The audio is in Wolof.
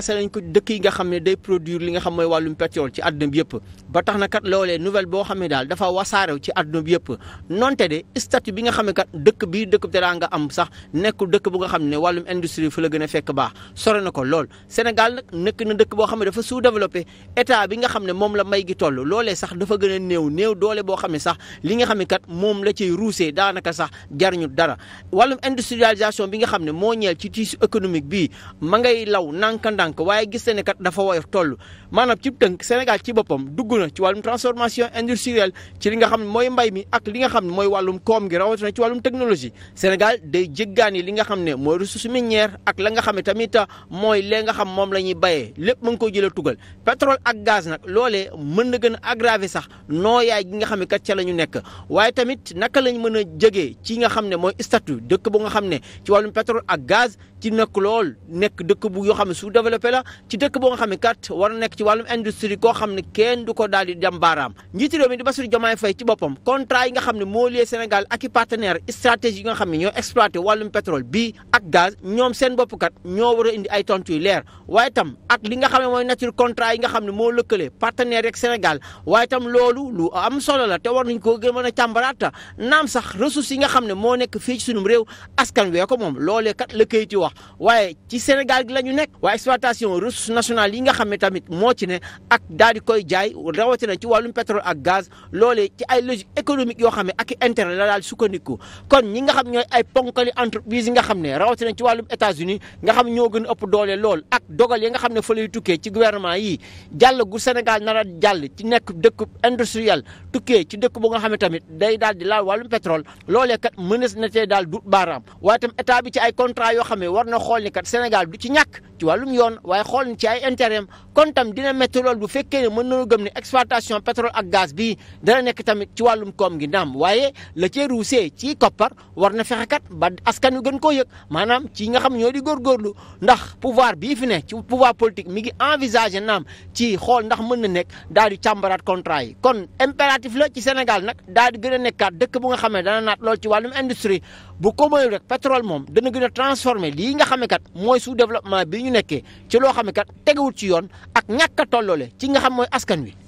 passé nañ ko yi nga xam ne day produire li nga xam mooy wàllum pétrole ci àdduna bi yëpp ba tax na kat loolee nouvelle boo xam ne dafa wasaarew ci àdduna bi yëpp nonte de bi nga xam ne kat dëkk bii dëkk bi dara nga am sax nekkul dëkk bu nga xam ne wàllum industrie fu la gën a fekk baax sore na ko lool Sénégal nag nekk na dëkk boo xam ne dafa sous-développé état bi nga xam ne moom la may gi toll loolee sax dafa gën a néew néew doole boo xam ne sax li nga xam ne kat moom la ciy ruusee daanaka sax jarñu dara wàllum industrialisation bi nga xam ne moo ñeel ci tissu économique bi ma ngay law nanka ndànk waaye gis na ne kat dafa woyof toll maanaam ci tënk Sénégal ci boppam dugg na ci wàllum transformation industrielle ci li nga xam ne mooy mbay mi ak li nga xam ne mooy wàllum koom gi rawatina ci wàllum technologie Sénégal day jéggaani li nga xam ne mooy ressource minière ak la nga xam ne tamit mooy lee nga xam moom la ñuy bayee lépp mu ngi koy jëlee tugal pétrole ak gaz nag loolee mën na gën a sax nooyaay gi nga xam ne kat la ñu nekk waaye tamit naka lañ mën a jegee ci nga xam ne mooy statut dëkk bu nga xam ne ci wàllum pétrole ak gaz ci nekk lool nekk développé la ci dëkk boo nga xam ne kat war na nekk ci wàllum industrie koo xam ne kenn du ko daal di jam baaraam njiiti réew mi di Bassirou Diomaye Faye ci boppam contrat yi nga xam ne moo lié Sénégal ak i partenaire stratégie yi nga ñoo exploité wàllum kat ñoo war a indi ay tontu yu leer waaye tam ak li nga xam ne mooy nature contrat yi nga xam ne moo lëkkale partenaire rek Sénégal waaye tam loolu lu am solo la te war nañ koo gën mën a càmbaraata naam sax ressources yi nga xam ne moo nekk fii ci sunum réew askan wee ko moom loolee kat la kayit yi wax waaye ci Sénégal gi la nekk waaye exploitation ressources nationales yi nga xam ne tamit moo ci ne ak daal koy jaay rawatina ci wàllum pétrole ak gaz loolee ci ay logique économique yoo xam ne ak intere intérêt la daal sukkandiku kon ñi nga xam ñooy ay ponkali entreprise yi nga xam ne rawatina ci wàllum États-Unis nga xam ñoo gën a ëpp doole lool ak dogal yi nga xam ne fa lay tukkee ci gouvernement yi jàll gu Sénégal nar a jàll ci nekk dëkk industriel tukkee ci dëkk bu nga xam ne tamit day daal di laal wàllum pétrole loolee kat mënees na tee daal dut baaraam waaye tam bi ci ay contrat yoo xam ne war na xool ni kat Sénégal du ci ci wàllum waaye xool na ci ay intérêt kon tam dina métti bu fekkee ne mën nañu gëm ne exploitation pétrole ak gaz bi dana nekk tamit ci wàllum koom gi naam waaye la ci ruusee ci koppar war na fexe kat ba askanu gën koo yëg maanaam ci nga xam ñoo di lu ndax pouvoir bii fi ne ci pouvoir politique mi ngi envisager naam ci xool ndax mën na nekk daal di càmbaraat contrat yi kon impératif la ci Sénégal nag daal di gën a nekkaat dëkk bu nga xam dana naat lool ci wàllum industrie bu ko mooy rek pétrole moom dana gën a transformé lii nga xam ne kat mooy sous développement bi ñu nekkee ci loo xam ne kat tegewul ci yon ak ñàkk a tolloole ci nga xam mooy askan wi.